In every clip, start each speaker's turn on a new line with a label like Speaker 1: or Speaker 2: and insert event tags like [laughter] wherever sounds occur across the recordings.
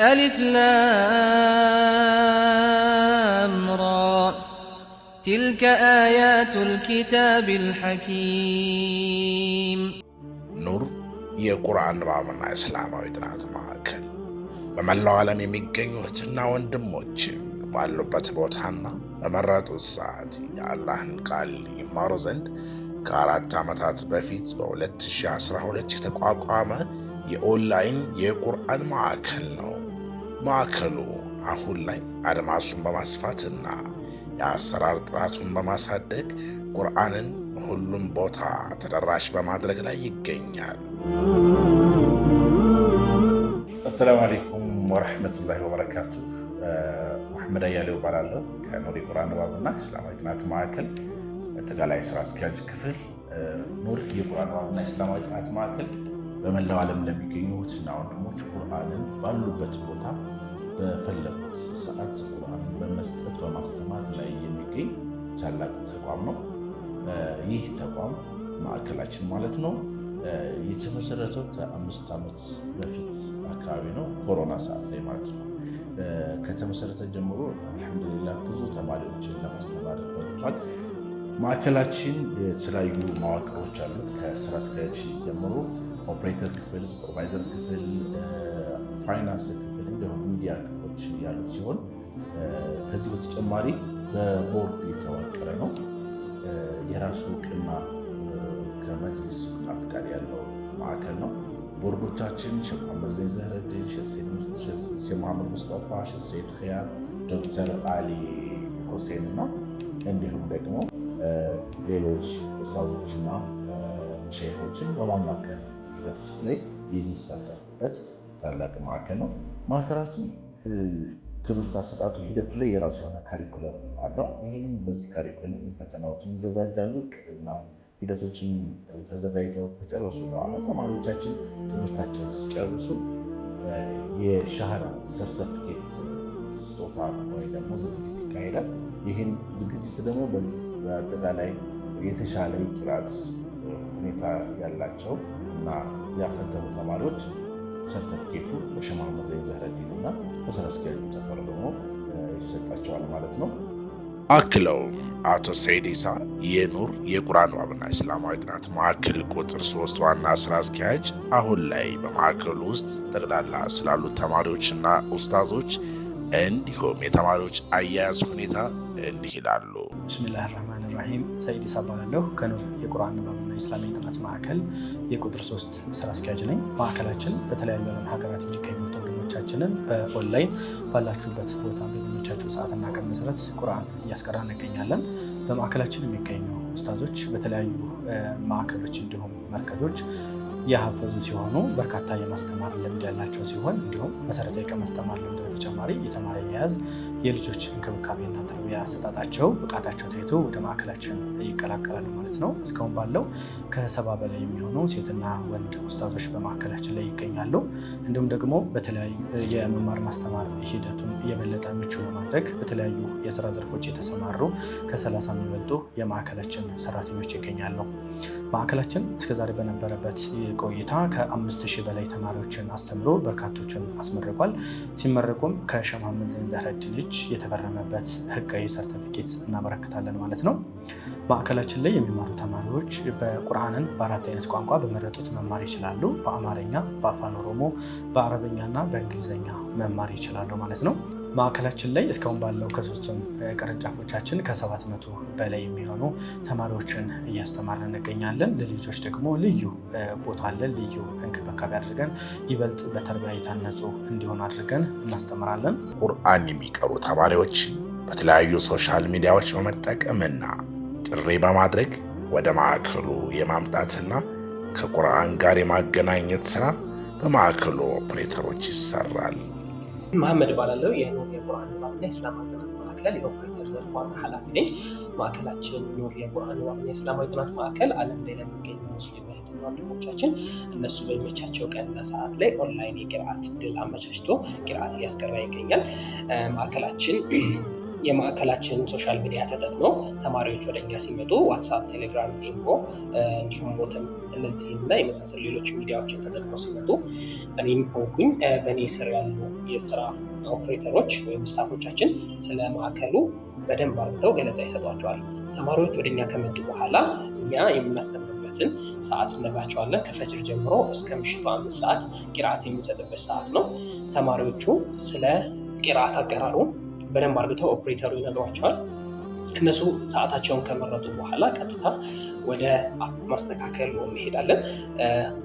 Speaker 1: ألف لام را تلك آيات الكتاب الحكيم
Speaker 2: ኑር የቁርአን ንባብና እስላማዊ ጥናት ማዕከል በመላው ዓለም የሚገኙ እህትና ወንድሞች ባሉበት ቦታና በመረጡት ሰዓት የአላህን ቃል ይማሩ ዘንድ ከአራት ዓመታት በፊት በ2012 የተቋቋመ የኦንላይን የቁርአን ማዕከል ነው። ማዕከሉ አሁን ላይ አድማሱን በማስፋትና የአሰራር ጥራቱን በማሳደግ ቁርአንን ሁሉም ቦታ ተደራሽ በማድረግ ላይ ይገኛል።
Speaker 3: አሰላሙ አሌይኩም ወረሕመቱላሂ ወበረካቱ። መሐመድ አያሌው እባላለሁ ከኑሪ ቁርአን ንባብና እስላማዊ ጥናት ማዕከል አጠቃላይ ስራ አስኪያጅ ክፍል። ኑር የቁርአን ንባብና እስላማዊ ጥናት ማዕከል በመላው ዓለም ለሚገኙ እህትና ወንድሞች ቁርአንን ባሉበት ቦታ በፈለጉት ሰዓት ቁርአን በመስጠት በማስተማር ላይ የሚገኝ ታላቅ ተቋም ነው። ይህ ተቋም ማዕከላችን ማለት ነው የተመሰረተው ከአምስት ዓመት በፊት አካባቢ ነው፣ ኮሮና ሰዓት ላይ ማለት ነው። ከተመሰረተ ጀምሮ አልሐምዱሊላ ብዙ ተማሪዎችን ለማስተማር በቅቷል። ማዕከላችን የተለያዩ መዋቅሮች አሉት። ከስራ አስኪያጅ ጀምሮ ኦፕሬተር ክፍል፣ ሱፐርቫይዘር ክፍል ፋይናንስ ክፍል እንዲሁም ሚዲያ ክፍሎች ያሉት ሲሆን ከዚህ በተጨማሪ በቦርድ የተዋቀረ ነው። የራሱ እውቅና ከመጅሊስ እውቅና ፍቃድ ያለው ማዕከል ነው። ቦርዶቻችን ሼህ መሐመድ ዘይን ዘህረዲን፣ ሼህ መሐመድ ሙስጠፋ፣ ሼህ ሰይድ ኸያል፣ ዶክተር አሊ ሁሴን እና እንዲሁም ደግሞ ሌሎች ሳቦችና ሼሆችን በማማከር ሂደት ውስጥ ላይ የሚሳተፉበት ታላቅ ማዕከል ነው። ማዕከላችን ትምህርት አሰጣጡ ሂደቱ ላይ የራሱ የሆነ ካሪኩለም አለው። ይህም በዚህ ካሪኩለም ፈተናዎችን ይዘጋጃሉ እና ሂደቶችን ተዘጋጅተው ከጨረሱ በኋላ ተማሪዎቻችን ትምህርታቸውን ሲጨርሱ የሻህዳ ሰርተፊኬት ስጦታ ወይ ደግሞ ዝግጅት ይካሄዳል። ይህም ዝግጅት ደግሞ በአጠቃላይ የተሻለ የጥራት ሁኔታ ያላቸው እና ያፈተኑ ተማሪዎች ሰርተፍኬቱ በሸህ መሐመድ ዘይን ዘህረዲን እና በስራ አስኪያጁ ተፈርሞ ይሰጣቸዋል ማለት ነው።
Speaker 2: አክለውም አቶ ሰይድ ኢሳ የኑር የቁርአን ዋብና እስላማዊ ጥናት ማዕከል ቁጥር ሶስት ዋና ስራ አስኪያጅ አሁን ላይ በማዕከሉ ውስጥ ጠቅላላ ስላሉት ተማሪዎችና ኡስታዞች እንዲሁም የተማሪዎች አያያዝ ሁኔታ እንዲህ ይላሉ።
Speaker 4: ብስሚላህ ራህማን ራሂም ሰይድ ኢሳ እባላለሁ ከኑር የቁርአን ንባብ የእስላም ጥናት ማዕከል የቁጥር ሶስት ስራ አስኪያጅ ነኝ። ማዕከላችን በተለያዩ ዓለም ሀገራት የሚገኙ ወንድሞቻችንን በኦንላይን ባላችሁበት ቦታ በሚመቻችሁ ሰዓትና ቀን መሰረት ቁርአን እያስቀራ እንገኛለን። በማዕከላችን የሚገኙ ኡስታዞች በተለያዩ ማዕከሎች እንዲሁም መርከዞች የሀፈዙ ሲሆኑ በርካታ የማስተማር ልምድ ያላቸው ሲሆን እንዲሁም መሰረታዊ ከማስተማር ልምድ በተጨማሪ የተማሪ የያዝ የልጆች እንክብካቤና ተርቢያ አሰጣጣቸው ብቃታቸው ታይቶ ወደ ማዕከላችን ይቀላቀላሉ። ማለት ነው። እስካሁን ባለው ከሰባ በላይ የሚሆኑ ሴትና ወንድ ውስጣቶች በማዕከላችን ላይ ይገኛሉ። እንዲሁም ደግሞ በተለያዩ የመማር ማስተማር ሂደቱን የበለጠ ምቹ ለማድረግ በተለያዩ የስራ ዘርፎች የተሰማሩ ከሰላሳ የሚበልጡ የማዕከላችን ሰራተኞች ይገኛሉ። ማዕከላችን እስከዛሬ በነበረበት ቆይታ ከአምስት ሺህ በላይ ተማሪዎችን አስተምሮ በርካቶችን አስመርቋል። ሲመረቁም ከሼህ መሐመድ ልጅ የተፈረመበት ህጋዊ ሰርተፊኬት እናበረክታለን ማለት ነው። ማዕከላችን ላይ የሚማሩ ተማሪዎች በቁርአንን በአራት አይነት ቋንቋ በመረጡት መማር ይችላሉ። በአማርኛ፣ በአፋን ኦሮሞ፣ በአረብኛና በእንግሊዝኛ መማር ይችላሉ ማለት ነው። ማዕከላችን ላይ እስካሁን ባለው ከሶስቱም ቅርንጫፎቻችን ከሰባት መቶ በላይ የሚሆኑ ተማሪዎችን እያስተማርን እንገኛለን። ለልጆች ደግሞ ልዩ ቦታ አለን። ልዩ እንክብካቤ አድርገን ይበልጥ በተርቢያ የታነጹ እንዲሆን አድርገን እናስተምራለን።
Speaker 2: ቁርአን የሚቀሩ ተማሪዎች በተለያዩ ሶሻል ሚዲያዎች በመጠቀምና ጥሪ በማድረግ ወደ ማዕከሉ የማምጣትና ከቁርአን ጋር የማገናኘት ስራ በማዕከሉ ኦፕሬተሮች ይሰራል።
Speaker 4: መሐመድ ባላለው የኑር የቁርአን ንባብና የእስላማዊ ጥናት ማዕከል የኦፕሬተር ዘርፍ ዋና ኃላፊ ነኝ። ማዕከላችን ኑር የቁርአን ንባብና ጥናት ማዕከል ዓለም ላይ ለሚገኙ ሙስሊም እህትና ወንድሞቻችን እነሱ በሚመቻቸው ቀንና ሰዓት ላይ ኦንላይን የቅርአት ድል አመቻችቶ ቅርአት እያስቀራ ይገኛል። ማዕከላችን [clears throat] የማዕከላችን ሶሻል ሚዲያ ተጠቅሞ ተማሪዎች ወደ እኛ ሲመጡ ዋትሳፕ፣ ቴሌግራም፣ ኢሞ እንዲሁም ቦትም እነዚህን እና የመሳሰሉ ሌሎች ሚዲያዎችን ተጠቅሞ ሲመጡ እኔም ሆንኩኝ በእኔ ስር ያሉ የስራ ኦፕሬተሮች ወይም ስታፎቻችን ስለ ማዕከሉ በደንብ አርግተው ገለጻ ይሰጧቸዋል። ተማሪዎች ወደ እኛ ከመጡ በኋላ እኛ የምናስተምርበትን ሰዓት እንነግራቸዋለን። ከፈጅር ጀምሮ እስከ ምሽቱ አምስት ሰዓት ቂርአት የሚሰጥበት ሰዓት ነው። ተማሪዎቹ ስለ ቂርአት አቀራሩ በደንብ አድርገው ኦፕሬተሩ ይነግሯቸዋል። እነሱ ሰዓታቸውን ከመረጡ በኋላ ቀጥታ ወደ አፕ ማስተካከል እንሄዳለን።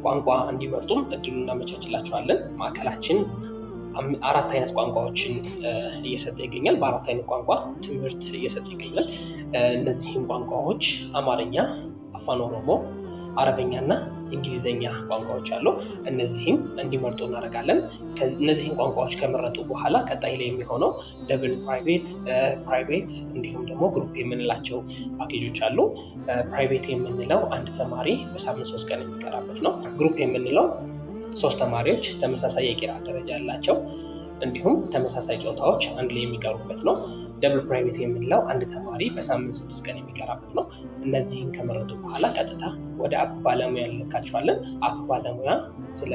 Speaker 4: ቋንቋ እንዲመርጡም እድሉ እናመቻችላቸዋለን። ማዕከላችን አራት አይነት ቋንቋዎችን እየሰጠ ይገኛል። በአራት አይነት ቋንቋ ትምህርት እየሰጠ ይገኛል። እነዚህም ቋንቋዎች አማርኛ፣ አፋን ኦሮሞ አረበኛና እንግሊዘኛ ቋንቋዎች አሉ። እነዚህም እንዲመርጡ እናደርጋለን። እነዚህን ቋንቋዎች ከመረጡ በኋላ ቀጣይ ላይ የሚሆነው ደብል ፕራይቬት፣ ፕራይቬት እንዲሁም ደግሞ ግሩፕ የምንላቸው ፓኬጆች አሉ። ፕራይቬት የምንለው አንድ ተማሪ በሳምንት ሶስት ቀን የሚቀራበት ነው። ግሩፕ የምንለው ሶስት ተማሪዎች ተመሳሳይ የቂራ ደረጃ ያላቸው እንዲሁም ተመሳሳይ ጾታዎች አንድ ላይ የሚቀሩበት ነው። ደብል ፕራይቬት የምንለው አንድ ተማሪ በሳምንት ስድስት ቀን የሚቀራበት ነው። እነዚህን ከመረጡ በኋላ ቀጥታ ወደ አፕ ባለሙያ እንልካቸዋለን። አፕ ባለሙያ ስለ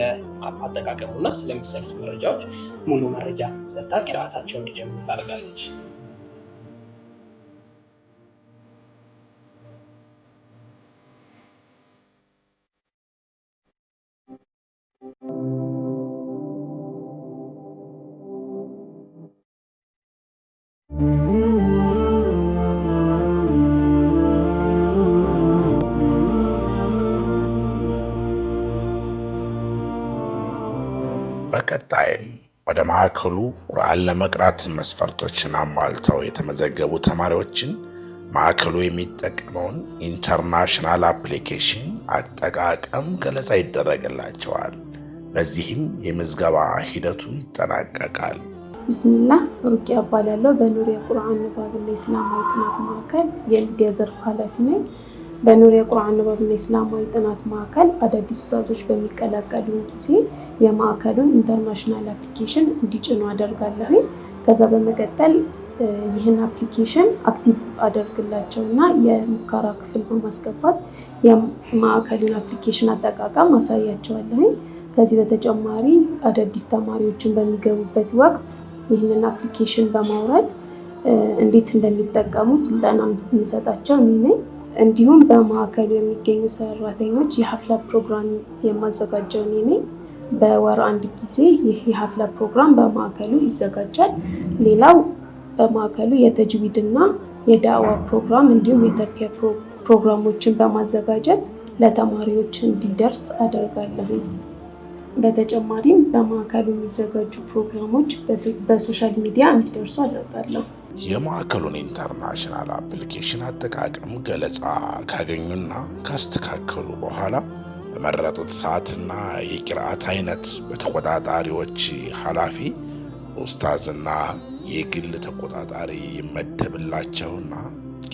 Speaker 4: አፕ አጠቃቀሙና ስለሚሰሩት መረጃዎች ሙሉ መረጃ ሰጥታ ቅርአታቸውን እንዲጀምር ታደርጋለች።
Speaker 2: በቀጣይም ወደ ማዕከሉ ቁርአን ለመቅራት መስፈርቶችን አሟልተው የተመዘገቡ ተማሪዎችን ማዕከሉ የሚጠቀመውን ኢንተርናሽናል አፕሊኬሽን አጠቃቀም ገለጻ ይደረግላቸዋል። በዚህም የምዝገባ ሂደቱ ይጠናቀቃል።
Speaker 5: ሩቅ ሩቅያ በኑሪያ በኑር የቁርአን ንባብና የእስላማዊ ጥናት ማዕከል የሚዲያ ዘርፍ ኃላፊ ነኝ። በኑር የቁርአን ንባብና የእስላማዊ ጥናት ማዕከል አዳዲስ ኡስታዞች በሚቀላቀሉ ጊዜ የማዕከሉን ኢንተርናሽናል አፕሊኬሽን እንዲጭኑ አደርጋለሁ። ከዛ በመቀጠል ይህን አፕሊኬሽን አክቲቭ አደርግላቸው እና የሙከራ ክፍል በማስገባት የማዕከሉን አፕሊኬሽን አጠቃቀም አሳያቸዋለሁ። ከዚህ በተጨማሪ አዳዲስ ተማሪዎችን በሚገቡበት ወቅት ይህንን አፕሊኬሽን በማውረድ እንዴት እንደሚጠቀሙ ስልጠና የምሰጣቸው እኔ ነኝ። እንዲሁም በማዕከሉ የሚገኙ ሰራተኞች የሀፍላ ፕሮግራም የማዘጋጀው እኔ ነኝ። በወር አንድ ጊዜ ይህ የሀፍላ ፕሮግራም በማዕከሉ ይዘጋጃል። ሌላው በማዕከሉ የተጅዊድና የዳዋ ፕሮግራም እንዲሁም የተርኪያ ፕሮግራሞችን በማዘጋጀት ለተማሪዎች እንዲደርስ አደርጋለሁ። በተጨማሪም በማዕከሉ የሚዘጋጁ ፕሮግራሞች በሶሻል ሚዲያ እንዲደርሱ አደርጋለሁ።
Speaker 2: የማዕከሉን ኢንተርናሽናል አፕሊኬሽን አጠቃቀም ገለጻ ካገኙና ካስተካከሉ በኋላ በመረጡት ሰዓትና የቂርአት አይነት በተቆጣጣሪዎች ኃላፊ ኡስታዝና የግል ተቆጣጣሪ ይመደብላቸውና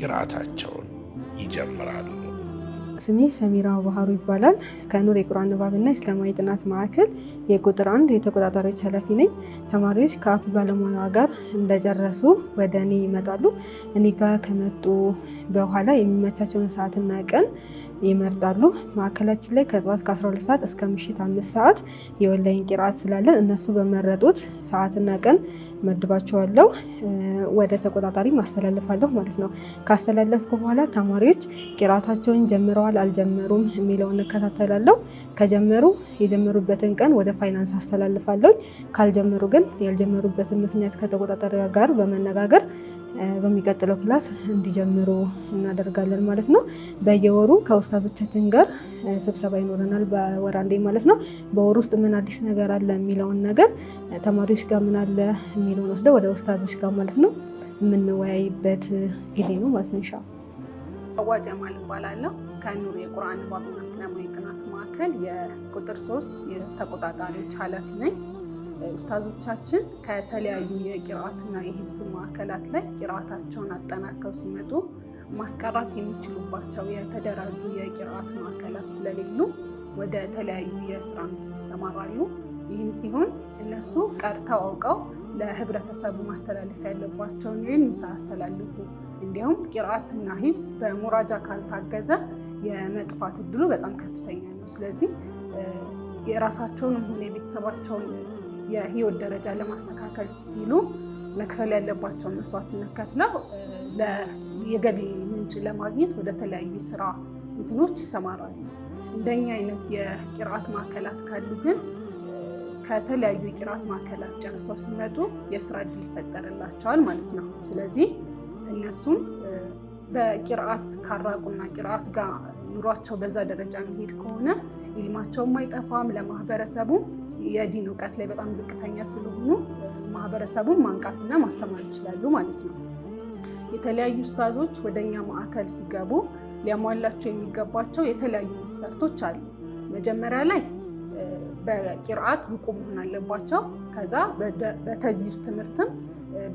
Speaker 2: ቂርአታቸውን ይጀምራሉ።
Speaker 5: ስሜ ሰሚራ ባህሩ ይባላል። ከኑር የቁርአን ንባብና እስላማዊ ጥናት ማዕከል የቁጥር አንድ የተቆጣጣሪዎች ኃላፊ ነኝ። ተማሪዎች ከአፍ ባለሙያ ጋር እንደጨረሱ ወደ እኔ ይመጣሉ። እኔ ጋር ከመጡ በኋላ የሚመቻቸውን ሰዓትና ቀን ይመርጣሉ። ማዕከላችን ላይ ከጠዋት ከ12 ሰዓት እስከ ምሽት አምስት ሰዓት የኦንላይን ቂርአት ስላለን እነሱ በመረጡት ሰዓትና ቀን መድባቸዋለሁ። ወደ ተቆጣጣሪ ማስተላለፋለሁ ማለት ነው። ካስተላለፍኩ በኋላ ተማሪዎች ቂርአታቸውን ጀምረዋል ጀምረዋል አልጀመሩም የሚለውን እከታተላለሁ። ከጀመሩ የጀመሩበትን ቀን ወደ ፋይናንስ አስተላልፋለሁ። ካልጀመሩ ግን ያልጀመሩበትን ምክንያት ከተቆጣጠሪ ጋር በመነጋገር በሚቀጥለው ክላስ እንዲጀምሩ እናደርጋለን ማለት ነው። በየወሩ ከውስታቶቻችን ጋር ስብሰባ ይኖረናል፣ በወር አንዴ ማለት ነው። በወር ውስጥ ምን አዲስ ነገር አለ የሚለውን ነገር ተማሪዎች ጋር ምን አለ የሚለውን ወስደ ወደ ውስታቶች ጋር ማለት ነው የምንወያይበት ጊዜ ነው ማለት ነው። ሻ ማል እባላለሁ። ከኑር የቁርአን ንባብና እስላማዊ ጥናት ማዕከል የቁጥር ሶስት ተቆጣጣሪዎች ኃላፊ ነኝ። ኡስታዞቻችን ከተለያዩ የቂርአትና የሂፍዝ ማዕከላት ላይ ቂርአታቸውን አጠናከው ሲመጡ ማስቀራት የሚችሉባቸው የተደራጁ የቂርአት ማዕከላት ስለሌሉ ወደ ተለያዩ የስራ መስክ ይሰማራሉ። ይህም ሲሆን እነሱ ቀርተው አውቀው ለህብረተሰቡ ማስተላለፍ ያለባቸውን ዒልም ሳያስተላልፉ እንዲሁም ቂርአትና ሂፍዝ በሙራጃ ካልታገዘ የመጥፋት እድሉ በጣም ከፍተኛ ነው። ስለዚህ የራሳቸውንም ሆነ የቤተሰባቸውን የህይወት ደረጃ ለማስተካከል ሲሉ መክፈል ያለባቸውን መስዋዕትነት ከፍለው የገቢ ምንጭ ለማግኘት ወደ ተለያዩ ስራ እንትኖች ይሰማራሉ። እንደኛ አይነት የቂርአት ማዕከላት ካሉ ግን ከተለያዩ የቂርአት ማዕከላት ጨርሰው ሲመጡ የስራ እድል ይፈጠርላቸዋል ማለት ነው። ስለዚህ እነሱም በቂርአት ካራቁና ቂርአት ጋር ኑሯቸው በዛ ደረጃ የሚሄድ ከሆነ ኢልማቸውም አይጠፋም። ለማህበረሰቡ የዲን እውቀት ላይ በጣም ዝቅተኛ ስለሆኑ ማህበረሰቡን ማንቃትና ማስተማር ይችላሉ ማለት ነው። የተለያዩ ስታዞች ወደኛ ማዕከል ሲገቡ ሊያሟላቸው የሚገባቸው የተለያዩ መስፈርቶች አሉ። መጀመሪያ ላይ በቂርአት ብቁ መሆን አለባቸው። ከዛ በተጅዊድ ትምህርትም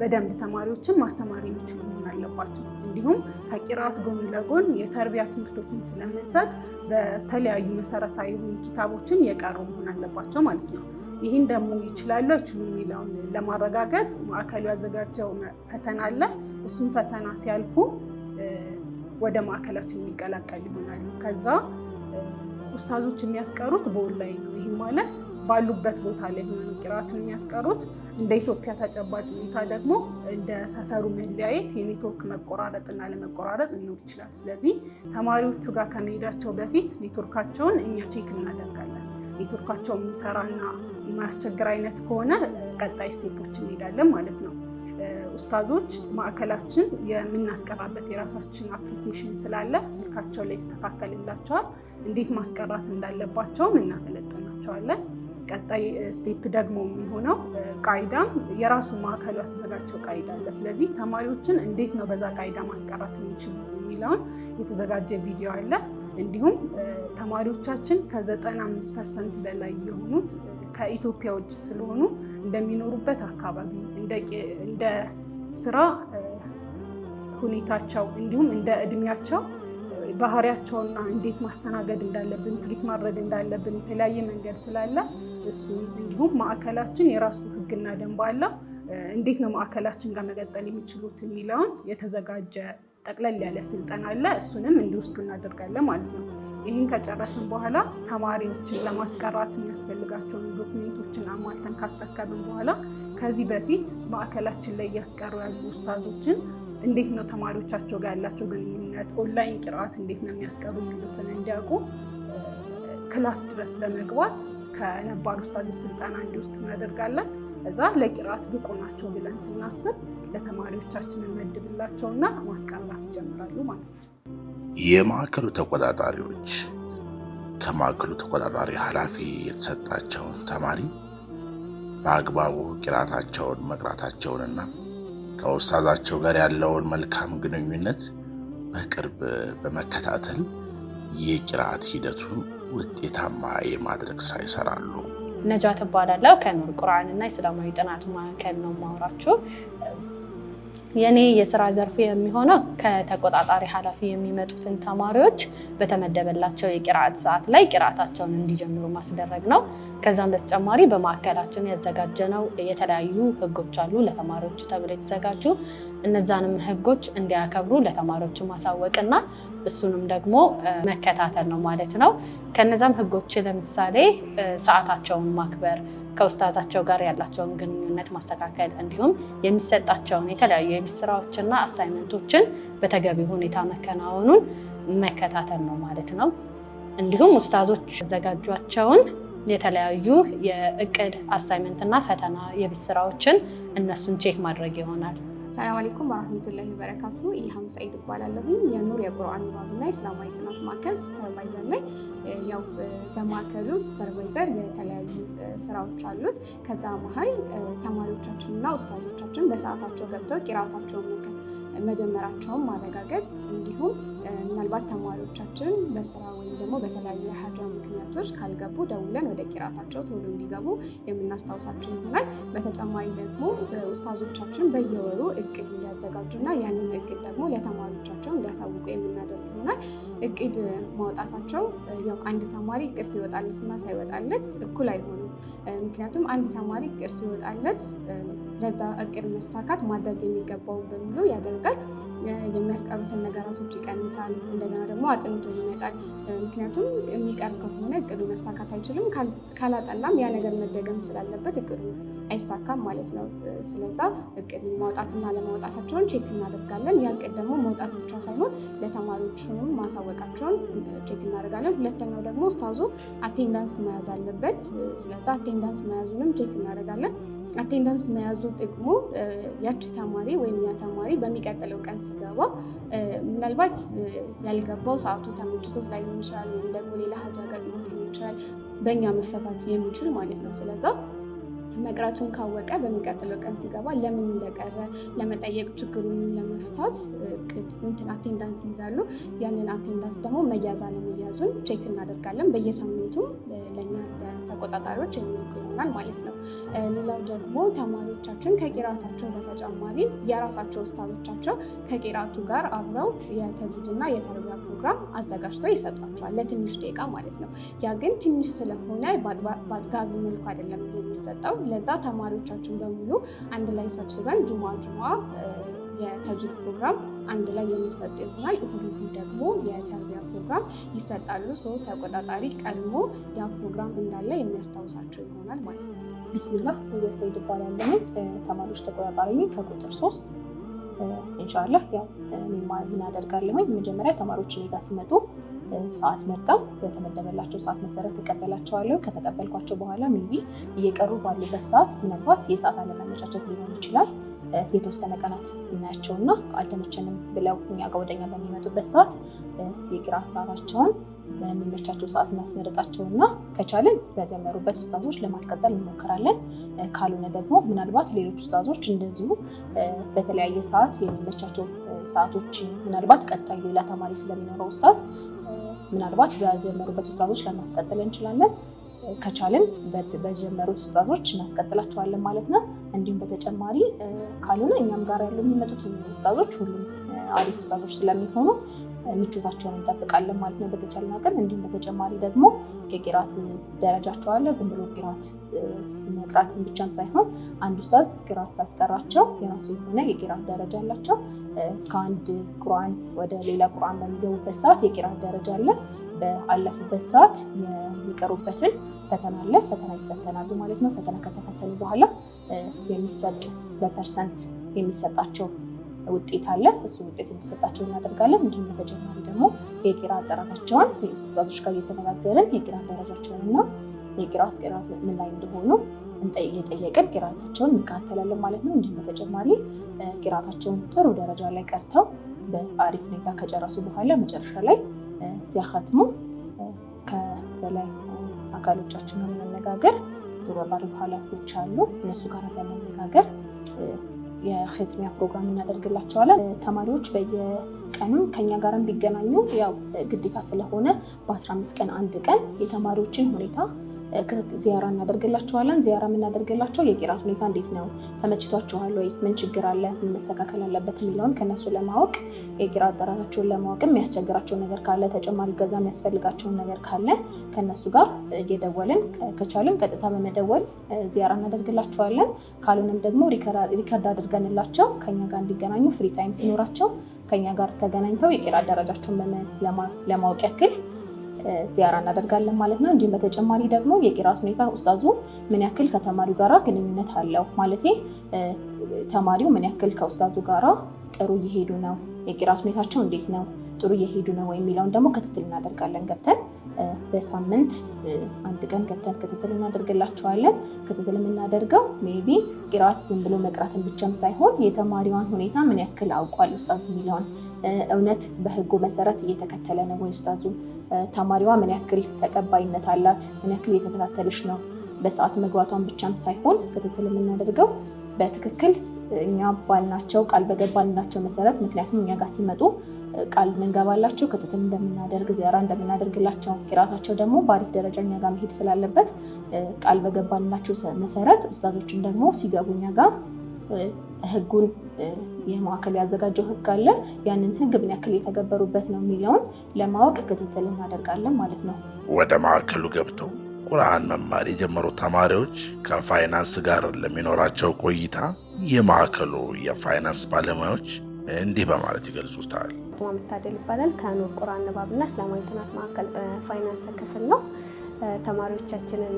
Speaker 5: በደንብ ተማሪዎችን ማስተማር የሚችሉ መሆን አለባቸው። እንዲሁም ከቂራት ጎን ለጎን የተርቢያ ትምህርቶችን ስለመንሳት በተለያዩ መሰረታዊ የሆኑ ኪታቦችን የቀሩ መሆን አለባቸው ማለት ነው። ይህን ደግሞ ይችላሉ አይችሉም የሚለውን ለማረጋገጥ ማዕከሉ ያዘጋጀው ፈተና አለ። እሱም ፈተና ሲያልፉ ወደ ማዕከላችን የሚቀላቀል ይሆናሉ። ከዛ ኡስታዞች የሚያስቀሩት በኦንላይን ነው። ይህም ማለት ባሉበት ቦታ ላይ ሆነው ቅራትን የሚያስቀሩት። እንደ ኢትዮጵያ ተጨባጭ ሁኔታ ደግሞ እንደ ሰፈሩ መለያየት የኔትወርክ መቆራረጥና ለመቆራረጥ ሊኖር ይችላል። ስለዚህ ተማሪዎቹ ጋር ከመሄዳቸው በፊት ኔትወርካቸውን እኛ ቼክ እናደርጋለን። ኔትወርካቸው የሚሰራና የማያስቸግር አይነት ከሆነ ቀጣይ ስቴፖች እንሄዳለን ማለት ነው። ኡስታዞች ማዕከላችን የምናስቀራበት የራሳችን አፕሊኬሽን ስላለ ስልካቸው ላይ ይስተካከልላቸዋል። እንዴት ማስቀራት እንዳለባቸውም እናሰለጥናቸዋለን። ቀጣይ ስቴፕ ደግሞ የሚሆነው ቃይዳም የራሱ ማዕከሉ ያዘጋጀው ቃይዳ አለ። ስለዚህ ተማሪዎችን እንዴት ነው በዛ ቃይዳ ማስቀራት የሚችሉ የሚለውን የተዘጋጀ ቪዲዮ አለ። እንዲሁም ተማሪዎቻችን ከ95 ፐርሰንት በላይ የሆኑት ከኢትዮጵያ ውጭ ስለሆኑ እንደሚኖሩበት አካባቢ እንደ ስራ ሁኔታቸው እንዲሁም እንደ እድሜያቸው ባህሪያቸውና እንዴት ማስተናገድ እንዳለብን ትሪት ማድረግ እንዳለብን የተለያየ መንገድ ስላለ እሱ እንዲሁም ማዕከላችን የራሱ ህግና ደንብ አለው። እንዴት ነው ማዕከላችን ጋር መቀጠል የሚችሉት የሚለውን የተዘጋጀ ጠቅለል ያለ ስልጠና አለ። እሱንም እንዲወስዱ እናደርጋለን ማለት ነው። ይህን ከጨረስን በኋላ ተማሪዎችን ለማስቀራት የሚያስፈልጋቸውን ዶክሜንቶችን አሟልተን ካስረከብን በኋላ ከዚህ በፊት ማዕከላችን ላይ እያስቀሩ ያሉ ውስታዞችን እንዴት ነው ተማሪዎቻቸው ጋር ያላቸው ግንኙነት፣ ኦንላይን ቅርአት እንዴት ነው የሚያስቀሩ የሚሉትን እንዲያውቁ ክላስ ድረስ በመግባት ከነባር ኡስታዞች ስልጠና እንዲወስዱ እናደርጋለን። እዛ ለቅርአት ብቁ ናቸው ብለን ስናስብ ለተማሪዎቻችን እንመድብላቸውና ማስቀራት ይጀምራሉ ማለት ነው።
Speaker 2: የማዕከሉ ተቆጣጣሪዎች ከማዕከሉ ተቆጣጣሪ ኃላፊ የተሰጣቸውን ተማሪ በአግባቡ ቅርአታቸውን መቅራታቸውንና ከውስታዛቸው ጋር ያለውን መልካም ግንኙነት በቅርብ በመከታተል የቂራአት ሂደቱን ውጤታማ የማድረግ ስራ ይሰራሉ።
Speaker 5: ነጃ ትባላለው። ከኑር ቁርአንና የእስላማዊ ጥናት ማዕከል ነው ማውራችሁ። የኔ የስራ ዘርፍ የሚሆነው ከተቆጣጣሪ ኃላፊ የሚመጡትን ተማሪዎች በተመደበላቸው የቅርአት ሰዓት ላይ ቅርአታቸውን እንዲጀምሩ ማስደረግ ነው። ከዛም በተጨማሪ በማዕከላችን ያዘጋጀነው የተለያዩ ህጎች አሉ ለተማሪዎች ተብሎ የተዘጋጁ እነዛንም ህጎች እንዲያከብሩ ለተማሪዎች ማሳወቅና እሱንም ደግሞ መከታተል ነው ማለት ነው። ከነዛም ህጎች ለምሳሌ ሰዓታቸውን ማክበር ከውስታዛቸው ጋር ያላቸውን ግንኙነት ማስተካከል እንዲሁም የሚሰጣቸውን የተለያዩ የቤት ስራዎችና አሳይመንቶችን በተገቢ ሁኔታ መከናወኑን መከታተል ነው ማለት ነው። እንዲሁም ውስታዞች ያዘጋጇቸውን የተለያዩ የእቅድ አሳይመንትና ፈተና የቤት ስራዎችን እነሱን ቼክ ማድረግ ይሆናል። ሰላም አለይኩም ወራህመቱላሂ ወበረካቱ። ኢልሃም ሰይድ እባላለሁኝ የኑር የቁርአን ንባብና ኢስላማዊ ጥናት ማዕከል ሱፐርቫይዘር ላይ ያው በማዕከሉ ሱፐርቫይዘር የተለያዩ ስራዎች አሉት። ከዛ መሀል ተማሪዎቻችንና ኡስታዞቻችን በሰዓታቸው ገብተው ቂራአታቸውን መከታተል መጀመራቸውን ማረጋገጥ እንዲሁም ምናልባት ተማሪዎቻችን በስራ ወይም ደግሞ በተለያዩ የሀጃ ምክንያቶች ካልገቡ ደውለን ወደ ቂራታቸው ቶሎ እንዲገቡ የምናስታውሳቸው ይሆናል። በተጨማሪ ደግሞ ኡስታዞቻችን በየወሩ እቅድ እና ያንን እቅድ ደግሞ ለተማሪዎቻቸው እንዲያሳውቁ የምናደርግ ይሆናል። እቅድ ማውጣታቸው ያው አንድ ተማሪ እቅድ ሲወጣለት እና ሳይወጣለት እኩል አይሆኑም። ምክንያቱም አንድ ተማሪ እቅድ ሲወጣለት ለዛ እቅድ መሳካት ማድረግ የሚገባው በሙሉ ያደርጋል። የሚያስቀሩትን ነገራቶች ይቀንሳል። እንደገና ደግሞ አጥንቶ ይመጣል። ምክንያቱም የሚቀር ከሆነ እቅዱ መሳካት አይችልም። ካላጠናም ያ ነገር መደገም ስላለበት እቅዱ አይሳካም ማለት ነው። ስለዛ እቅድ ማውጣትና ለማውጣታቸውን ቼክ እናደርጋለን። ያ እቅድ ደግሞ መውጣት ብቻ ሳይሆን ለተማሪዎችንም ማሳወቃቸውን ቼክ እናደርጋለን። ሁለተኛው ደግሞ ስታዙ አቴንዳንስ መያዝ አለበት። ስለዛ አቴንዳንስ መያዙንም ቼክ እናደርጋለን። አቴንዳንስ መያዙ ጥቅሙ ያቺ ተማሪ ወይም ያ ተማሪ በሚቀጥለው ቀን ሲገባ ምናልባት ያልገባው ሰዓቱ ተመችቶት ሊሆን ይችላል፣ ወይም ደግሞ ሌላ ህቷ ገጥሞ ሊሆን ይችላል። በእኛ መፈታት የሚችል ማለት ነው ስለዛ መቅረቱን ካወቀ በሚቀጥለው ቀን ሲገባ ለምን እንደቀረ ለመጠየቅ ችግሩን ለመፍታት እንትን አቴንዳንስ ይይዛሉ። ያንን አቴንዳንስ ደግሞ መያዝ አለመያዙን ቼክ እናደርጋለን። በየሳምንቱም ለእኛ ተቆጣጣሪዎች የሚልኩ ይሆናል ማለት ነው። ሌላው ደግሞ ተማሪዎቻችን ከቂራታቸው በተጨማሪ የራሳቸው ውስታዞቻቸው ከቂራቱ ጋር አብረው የተጁድና የተርቢያ ፕሮግራም አዘጋጅተው ይሰጧቸዋል ለትንሽ ደቂቃ ማለት ነው። ያ ግን ትንሽ ስለሆነ በአጥጋቢ መልኩ አይደለም የሚሰጠው። ለዛ ተማሪዎቻችን በሙሉ አንድ ላይ ሰብስበን ጁማ ጁማ የተጅር ፕሮግራም አንድ ላይ የሚሰጡ ይሆናል። እሁድ እሁድ ደግሞ የተርቢያ ፕሮግራም ይሰጣሉ። ሰው ተቆጣጣሪ ቀድሞ ያ ፕሮግራም እንዳለ የሚያስታውሳቸው ይሆናል ማለት ነው። ቢስሚላህ ወሰይድ ይባላለን። ተማሪዎች ተቆጣጣሪ ከቁጥር ሶስት እንሻላ ያው ምን አደርጋለሁኝ መጀመሪያ ተማሪዎች እኔ ጋር ሲመጡ ሰዓት መርጠው በተመደበላቸው ሰዓት መሰረት እቀበላቸዋለሁ። ከተቀበልኳቸው በኋላ ሜቢ እየቀሩ ባሉበት ሰዓት ምናልባት የሰዓት አለመመቻቸት ሊሆን ይችላል። የተወሰነ ቀናት እናያቸውና አልተመቸንም ብለው እኛ ጋር ወደኛ በሚመጡበት ሰዓት የግራ ሀሳባቸውን በሚመቻቸው ሰዓት እናስመረጣቸው እና ከቻልን በጀመሩበት ውስታዞች ለማስቀጠል እንሞክራለን። ካልሆነ ደግሞ ምናልባት ሌሎች ውስታዞች እንደዚሁ በተለያየ ሰዓት የሚመቻቸው ሰዓቶች ምናልባት ቀጣይ ሌላ ተማሪ ስለሚኖረው ውስታዝ ምናልባት በጀመሩበት ውስታዞች ለማስቀጠል እንችላለን። ከቻልን በጀመሩት ውስታዞች እናስቀጥላቸዋለን ማለት ነው። እንዲሁም በተጨማሪ ካልሆነ እኛም ጋር ያሉ የሚመጡት ውስታዞች ሁሉም አሪፍ ውሳቶች ስለሚሆኑ ምቾታቸውን እንጠብቃለን ማለት ነው በተቻለን አቅም። እንዲሁም በተጨማሪ ደግሞ የቂራት ደረጃቸው አለ። ዝም ብሎ ቂራት መቅራትን ብቻም ሳይሆን አንድ ኡስታዝ ቂራት ሲያስቀራቸው የራሱ የሆነ የቂራት ደረጃ አላቸው። ከአንድ ቁርአን ወደ ሌላ ቁርአን በሚገቡበት ሰዓት የቂራት ደረጃ አለ። በአለፉበት ሰዓት የሚቀሩበትን ፈተና አለ። ፈተና ይፈተናሉ ማለት ነው። ፈተና ከተፈተኑ በኋላ የሚሰጥ በፐርሰንት የሚሰጣቸው ውጤት አለ። እሱ ውጤት የሚሰጣቸው እናደርጋለን። እንዲሁም በተጨማሪ ደግሞ የቂራ አጠራራቸውን ስጣቶች ጋር እየተነጋገርን የቂራ ደረጃቸውን እና የቂራት ቅራት ምን ላይ እንደሆኑ እየጠየቅን ቂራታቸውን እንከታተላለን ማለት ነው። እንዲሁም በተጨማሪ ቂራታቸውን ጥሩ ደረጃ ላይ ቀርተው በአሪፍ ሁኔታ ከጨረሱ በኋላ መጨረሻ ላይ ሲያኸትሙ ከበላይ አካሎቻችን በመነጋገር ጥሩ ባሉ ኃላፊዎች አሉ እነሱ ጋር በመነጋገር የክትሚያ ፕሮግራም እናደርግላቸዋለን። ተማሪዎች በየቀኑ ከኛ ጋርም ቢገናኙ ያው ግዴታ ስለሆነ በ15 ቀን አንድ ቀን የተማሪዎችን ሁኔታ ዚያራ እናደርግላቸዋለን። ዚያራ የምናደርግላቸው የቂራት ሁኔታ እንዴት ነው፣ ተመችቷቸዋል ወይ፣ ምን ችግር አለ፣ ምን መስተካከል አለበት የሚለውን ከነሱ ለማወቅ የቂራት ጥራታቸውን ለማወቅ የሚያስቸግራቸውን ነገር ካለ፣ ተጨማሪ ገዛ የሚያስፈልጋቸውን ነገር ካለ ከነሱ ጋር እየደወልን ከቻልን ቀጥታ በመደወል ዚያራ እናደርግላቸዋለን። ካልሆነም ደግሞ ሪከርድ አድርገንላቸው ከኛ ጋር እንዲገናኙ ፍሪ ታይም ሲኖራቸው ከኛ ጋር ተገናኝተው የቂራት ደረጃቸውን ለማወቅ ያክል ዚያራ እናደርጋለን ማለት ነው። እንዲሁም በተጨማሪ ደግሞ የቂራት ሁኔታ ኡስታዙ ምን ያክል ከተማሪው ጋራ ግንኙነት አለው ማለት ተማሪው ምን ያክል ከኡስታዙ ጋራ ጥሩ እየሄዱ ነው፣ የቂራት ሁኔታቸው እንዴት ነው ጥሩ እየሄዱ ነው የሚለውን ደግሞ ክትትል እናደርጋለን። ገብተን በሳምንት አንድ ቀን ገብተን ክትትል እናደርግላቸዋለን። ክትትል የምናደርገው ቢ ቂራት ዝም ብሎ መቅራትን ብቻም ሳይሆን የተማሪዋን ሁኔታ ምን ያክል አውቋል ኡስታዝ የሚለውን እውነት በህጉ መሰረት እየተከተለ ነው ወይ ኡስታዙ፣ ተማሪዋ ምን ያክል ተቀባይነት አላት፣ ምን ያክል እየተከታተለች ነው፣ በሰዓት መግባቷን ብቻም ሳይሆን ክትትል የምናደርገው በትክክል እኛ ባልናቸው ቃል በገባልናቸው መሰረት ምክንያቱም እኛ ጋር ሲመጡ ቃል ምንገባላቸው ክትትል እንደምናደርግ ዚያራ እንደምናደርግላቸው ቂራታቸው ደግሞ በአሪፍ ደረጃ እኛ ጋር መሄድ ስላለበት ቃል በገባልናቸው መሰረት ኡስታዞችን ደግሞ ሲገቡ እኛ ጋር ህጉን የማዕከል ያዘጋጀው ህግ አለ። ያንን ህግ ምን ያክል የተገበሩበት ነው የሚለውን ለማወቅ ክትትል እናደርጋለን ማለት ነው።
Speaker 2: ወደ ማዕከሉ ገብተው ቁርአን መማር የጀመሩ ተማሪዎች ከፋይናንስ ጋር ለሚኖራቸው ቆይታ የማዕከሉ የፋይናንስ ባለሙያዎች እንዲህ በማለት ይገልጹታል።
Speaker 5: ማ መታደል ይባላል። ከኑር ቁርአን ንባብና እስላማዊ ጥናት ማዕከል ፋይናንስ ክፍል ነው። ተማሪዎቻችንን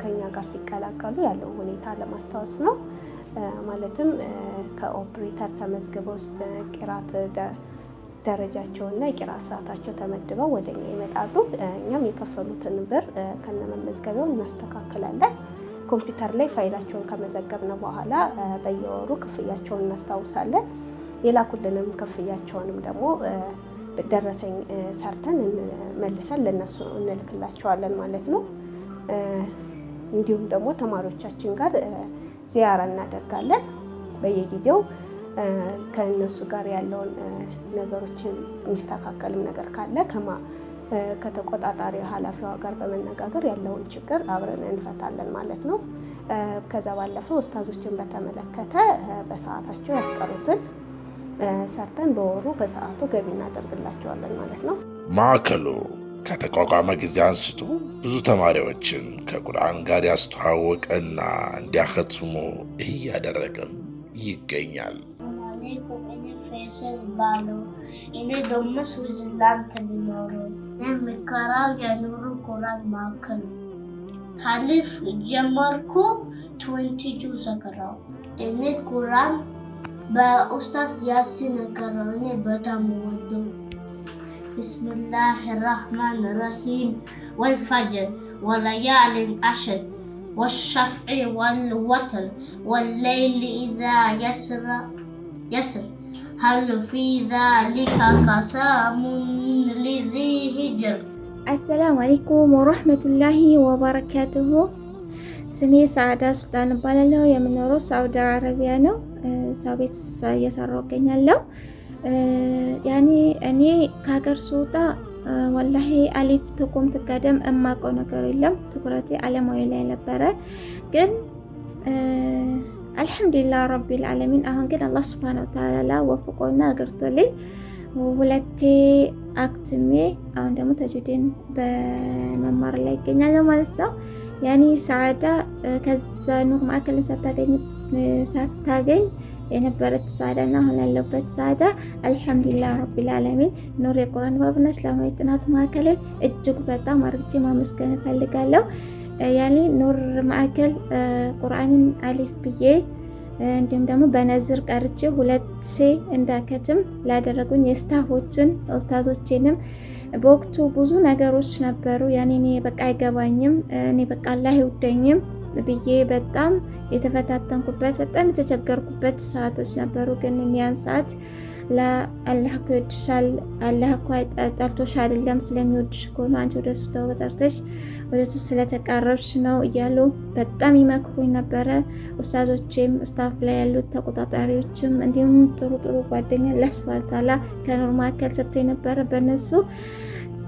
Speaker 5: ከኛ ጋር ሲቀላቀሉ ያለው ሁኔታ ለማስታወስ ነው። ማለትም ከኦፕሬተር ተመዝግበው ውስጥ ቂራት ደረጃቸውና የቂራ ሰዓታቸው ተመድበው ወደ እኛ ይመጣሉ። እኛም የከፈሉትን ብር ከነመመዝገቢያው እናስተካክላለን። ኮምፒውተር ላይ ፋይላቸውን ከመዘገብነ በኋላ በየወሩ ክፍያቸውን እናስታውሳለን። የላኩልንም ክፍያቸውንም ደግሞ ደረሰኝ ሰርተን መልሰን ለነሱ እንልክላቸዋለን ማለት ነው። እንዲሁም ደግሞ ተማሪዎቻችን ጋር ዚያራ እናደርጋለን በየጊዜው ከእነሱ ጋር ያለውን ነገሮችን የሚስተካከልም ነገር ካለ ከማ ከተቆጣጣሪ ኃላፊዋ ጋር በመነጋገር ያለውን ችግር አብረን እንፈታለን ማለት ነው። ከዛ ባለፈው ኡስታዞችን በተመለከተ በሰዓታቸው ያስቀሩትን ሰርተን በወሩ በሰዓቱ ገቢ እናደርግላቸዋለን ማለት ነው።
Speaker 2: ማዕከሉ ከተቋቋመ ጊዜ አንስቶ ብዙ ተማሪዎችን ከቁርአን ጋር ያስተዋወቀና እንዲያከትሙ እያደረገም ይገኛል።
Speaker 6: እኔ ቁመኔ ፌሽን ባለው እኔ ደግሞ ስዊዘርላንድ የሚኖረው የምከራው የኑሮ ኩራት ማዕከል ካልፍ ጀመርኩ። ትወንቲ ጁ ዘገራው እኔ ኩራን በኡስታዝ ያሲን ነገረው እኔ በጣም ወደው። ብስምላህ ራህማን ራሂም ወልፈጅር ወለያሊን አሽር ወሸፍዒ ወልወትር ወለይል ኢዛ የስራ يسر هل في ذلك قسام لذي هجر
Speaker 7: አሰላሙ አሌይኩም ወረህመቱላሂ ወበረካቱሁ። ስሜ ሰዓዳ ሱልጣን እባላለሁ። የምኖረው ሳውዲ አረቢያ ነው። ሰው ቤት እየሰራሁ እገኛለሁ። ያኔ እኔ ከሀገር ስወጣ ወላሂ አሊፍ ትቁም ትቀደም እማውቀው ነገር የለም። ትኩረቴ አለማዊ ላይ ነበረ ግን አልሐምዱሊላህ ረቢል ዓለሚን። አሁን ግን አላህ ሱብሃነሁ ወተዓላ ወፍቆና አገርቶልኝ ሁለቴ አክትሜ አሁን ደግሞ ተጅዊድን በመማር ላይ ይገኛል ማለት ነው። ያኔ ሰዓዳ ከዛ ኑር ማዕከል ሳታገኝ የነበረች ሰዓዳ እና አሁን ያለበት ሰዓዳ አልሐምዱሊላህ ረቢል ዓለሚን። ኑር የቁርአን ንባብና እስላማዊ ጥናት ማዕከልን እጅግ በጣም አርግቼ ማመስገን እፈልጋለሁ። ያኔ ኑር ማዕከል ቁርአንን አሊፍ ብዬ እንዲሁም ደግሞ በነዝር ቀርቼ ሁለት ሴ እንዳከትም ላደረጉኝ የስታፎችን ኡስታዞቼንም በወቅቱ ብዙ ነገሮች ነበሩ። ያኔ እኔ በቃ አይገባኝም እኔ በቃ አላህ ይውደኝም ብዬ በጣም የተፈታተንኩበት በጣም የተቸገርኩበት ሰዓቶች ነበሩ። ግን ያን ሰዓት ለአላህ እኮ ይወድሻል፣ አላህ እኮ ጠልቶሽ አይደለም ስለሚወድሽ እኮ ነው አንቺ ወደ እሱ ተውበጠርተሽ ወደሱ ስለተቃረብሽ ነው እያሉ በጣም ይመክሩኝ ነበረ። ኡስታዞችም ስታፍ ላይ ያሉት ተቆጣጣሪዎችም፣ እንዲሁም ጥሩ ጥሩ ጓደኛ ለስፋልታላ መካከል ከልሰጥቶኝ ነበረ በነሱ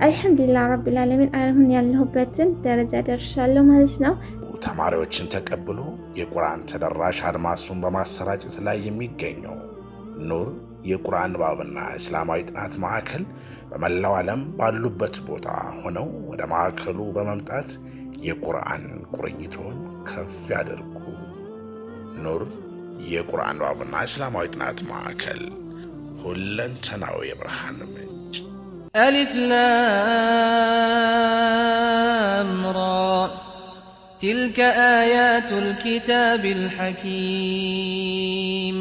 Speaker 7: አልሐምዱሊላህ ረቢል ዓለሚን አሁን ያለሁበትን ደረጃ ደርሻለሁ ማለት ነው።
Speaker 2: ተማሪዎችን ተቀብሎ የቁርአን ተደራሽ አድማሱን በማሰራጨት ላይ የሚገኘው ኑር የቁርአን ንባብና እስላማዊ ጥናት ማዕከል በመላው ዓለም ባሉበት ቦታ ሆነው ወደ ማዕከሉ በመምጣት የቁርአን ቁርኝቶን ከፍ ያደርጉ። ኑር የቁርአን ንባብና እስላማዊ ጥናት ማዕከል ሁለንተናዊ የብርሃን ምንጭ።
Speaker 1: አሊፍ ላም ራ تلك آيات الكتاب الحكيم